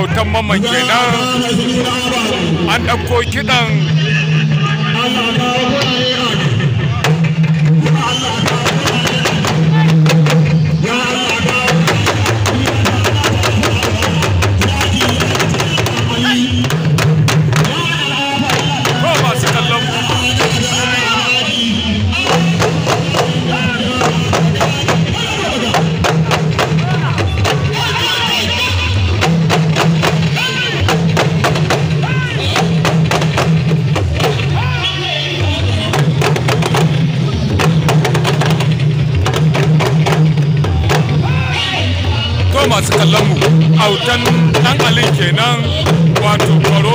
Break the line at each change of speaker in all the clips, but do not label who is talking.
autan maman kenan an ɗauko kiɗan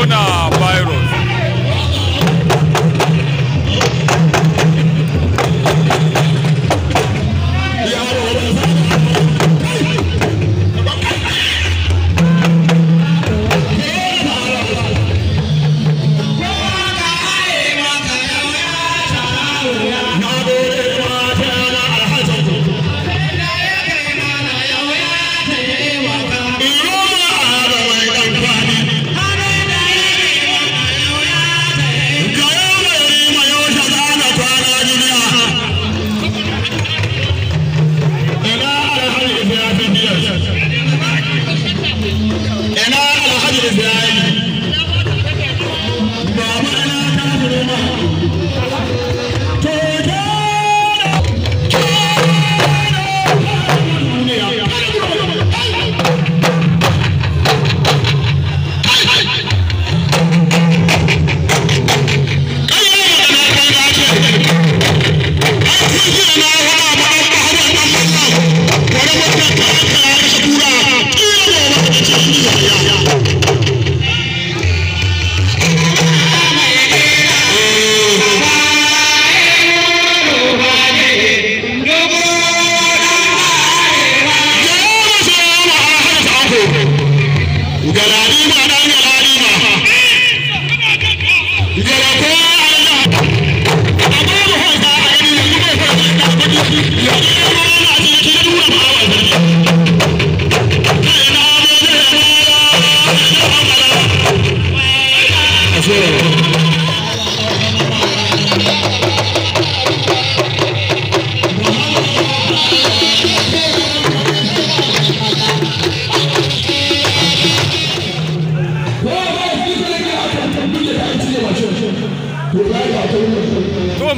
corona virus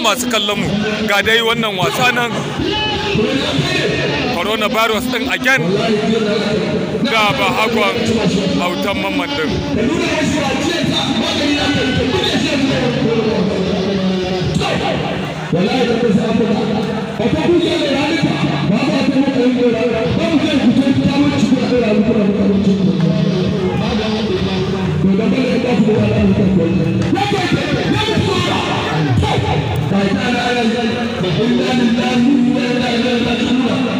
masu kallon mu ga dai wannan wasa nan coronavirus din again ga ba hagon autan mamman din
فسأل على البحر أنا الآن مني وأنا لا أدخلها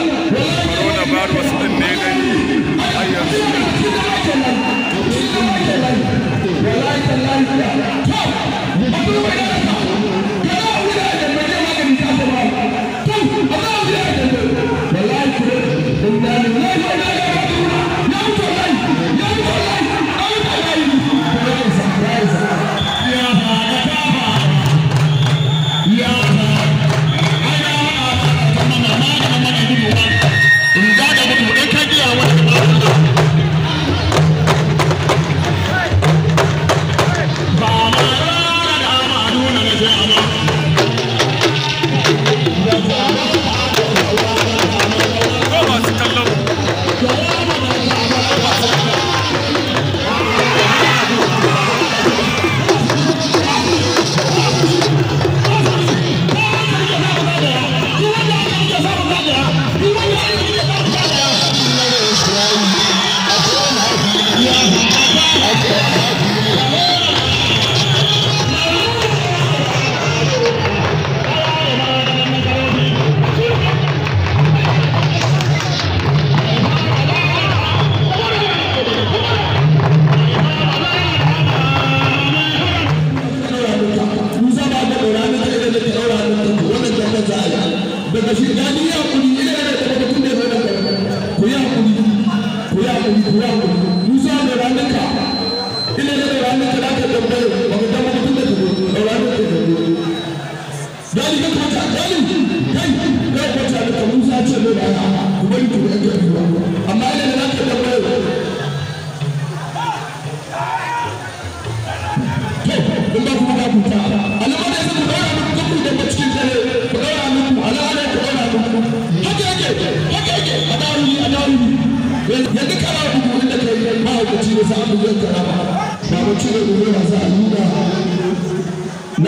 wajen karama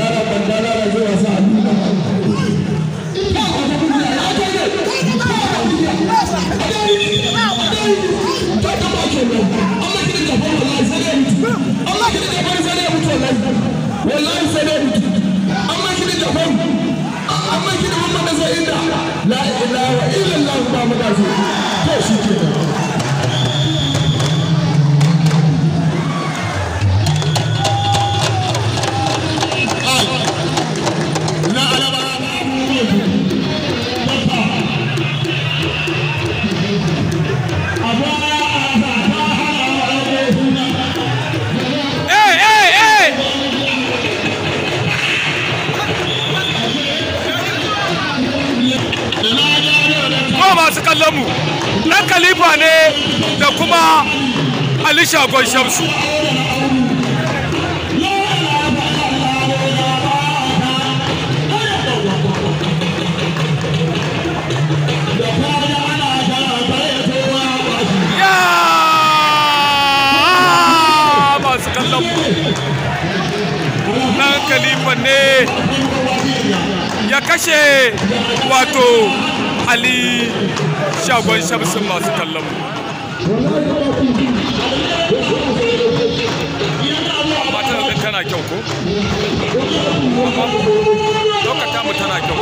ba a
dogon shamsu nan kalifa ne ya kashe wato ali shagon shamsin masu kallon ko lokata mu tana kyau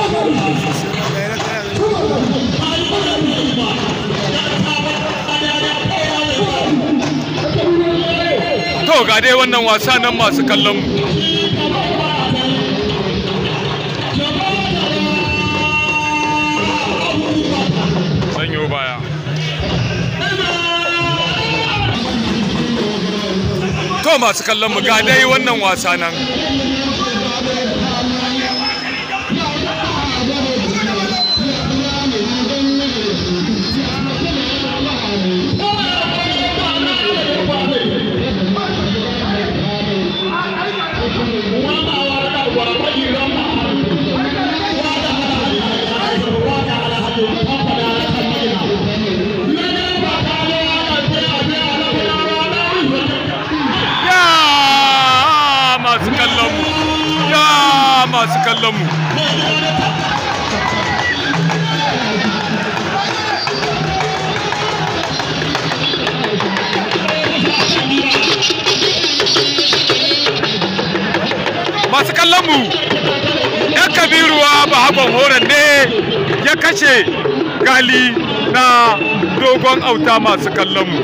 to ga dai wannan wasa nan masu kallon mu to masu kallon mu ga dai wannan wasa nan Thank you. masu kallon mu masu kallon mu ya kabiruwa ba haban horon ne ya kashe gali na dogon auta masu kallon mu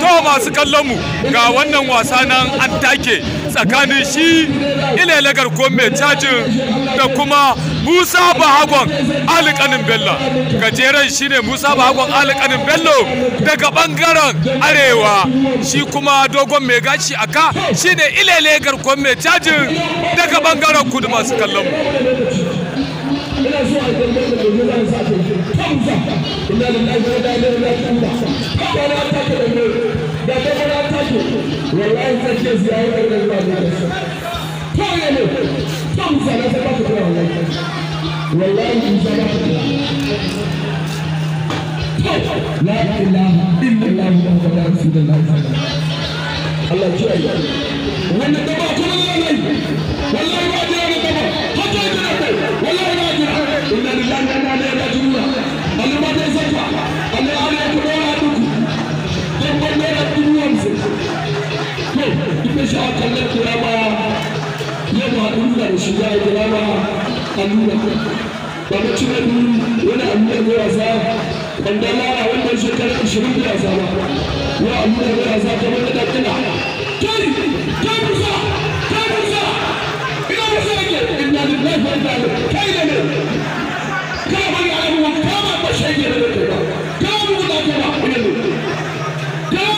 to masu kallon mu ga wannan wasa nan an take tsakanin shi ilele garkon mai cajin da kuma musa bahagon alikanin bello gajeren shine musa bahagon alikanin bello daga bangaren arewa shi kuma dogon mai gashi aka shine ilele garkon mai cajin daga bangaren kudu masu kallon
mu da you. wallahi ne sai ba ku wallahi
wallahi ku
la ilaha illallah rasulullah Allah wannan da ba ku ne wallahi wallahi ba ba ji wallahi ba ji inna lillahi wa inna ilaihi raji'un Allah ba ta Allah ya ku to ita shi a kallon kirama da ya kirama allura ba na ci wani wani allura ne wasa wanda wannan shekarar ashirin da wasa ba allura ne wasa kai kai musa kai musa ina musa yake kai da ne ba shege da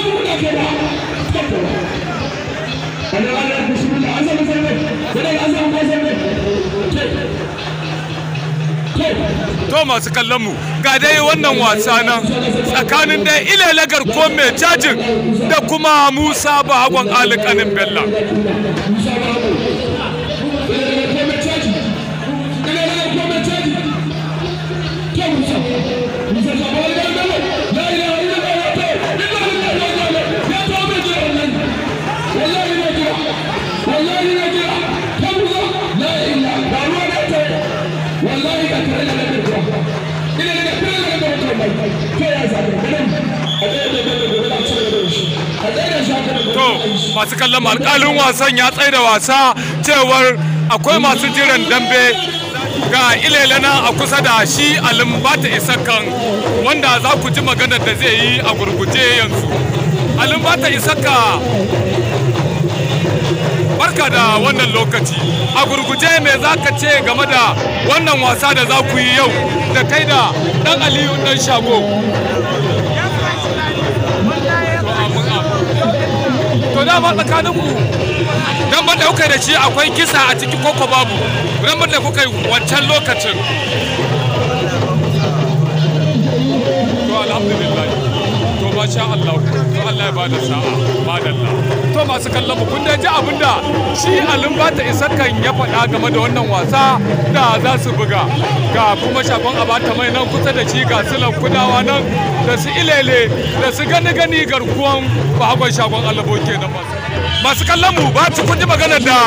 ba ba ba ba
to
masu kallon mu ga dai wannan wasa nan tsakanin dai ilalagar ko mai cajin da kuma musa hagon alikanin bella masu kallon alƙalin wasan ya tsaye da wasa cewar akwai masu jiran dambe ga ilelena a kusa da shi alimbata isakan wanda za ku ji magana da zai yi a gurguje yanzu alimbata isaka barka da wannan lokaci a gurguje me za ka ce game da wannan wasa da za ku yi yau da kai da ɗan aliyu dan shago dama tsakanin ku rambar da kuka da shi akwai kisa a cikin koko babu rambar da kuka yi wancan lokacin to alhamdulillah to masha Allah to Allah ya bada sa'a madalla ba masu kallon mu kun ji abin da shi alin bata kan ya faɗa game da wannan wasa da za su buga ga kuma shagon abata mai nan kusa da shi ga silan kudawa nan da su ilele da su gani gani garkuwan bakon shagon alabo ke masu masu kallon mu ba ci kun ji maganar da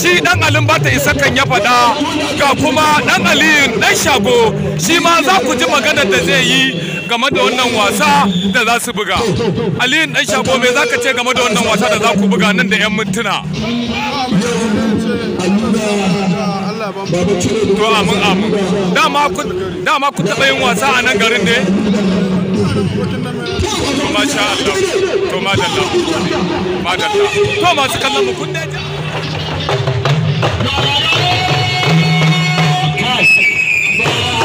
shi dan alin bata kan ya faɗa ga kuma dan aliyu dan shago shi ma za ku ji maganar da zai yi game da wannan wasa da za su buga aliyu dan shago me ka ce game da wannan wasa da za ku buga nan da yan mintuna
to amin amin
dama ku dama ku taɓa yin wasa a nan garin ne to masha Allah to madalla madalla to masu kallon mu kun daji Yeah.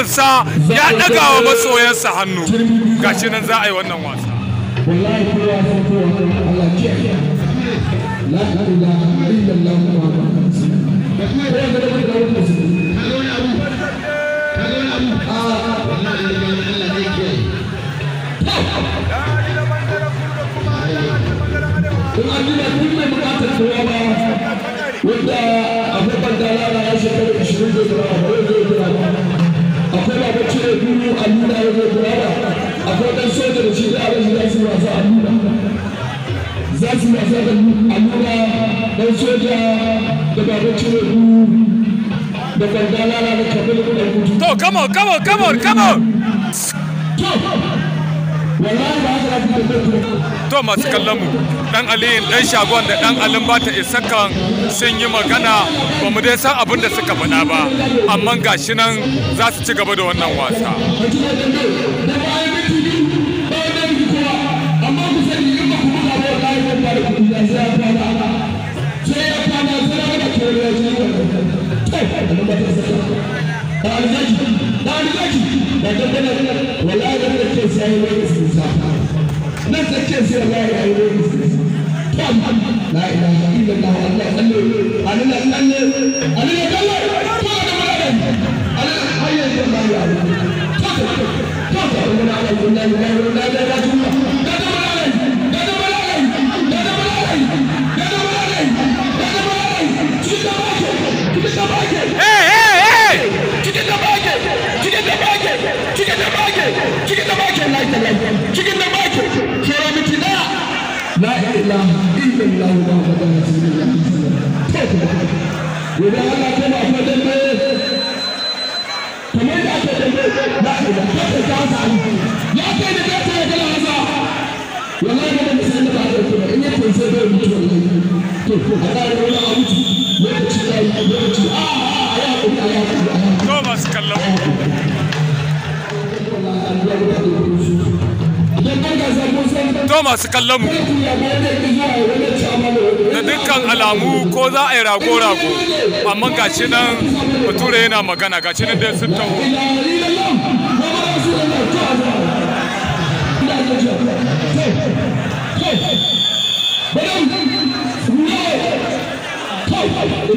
kansa ya daga wa masoyansa hannu gashi nan za a yi wannan wasa kuma wanda
abokan ah, dalala ya shekaru
20 da akwai baban cire duniya a nuna ya zo kula da akwai ɗan soja da shi da abin shi za su wasa a nuna za su wasa da a nuna soja da baban cire
duniya
da gangana da kafin da kudu.
To, come on, come on, come on, come on! to masu kallon mu dan dan shagon da dan alin bata isakan sun yi magana ba mu dai san abin da suka faɗa ba amma gashi nan za su ci gaba da wannan wasa
nan take sai Allah ya yi la ilaha illallah Allah Allah Allah Allah Thomas ah, ah, ah, Kallamu. kallon mu.
Da dukkan alamu ko za a yi rago-rago, amma gashi nan bature yana magana gashi nan dai sun
taho.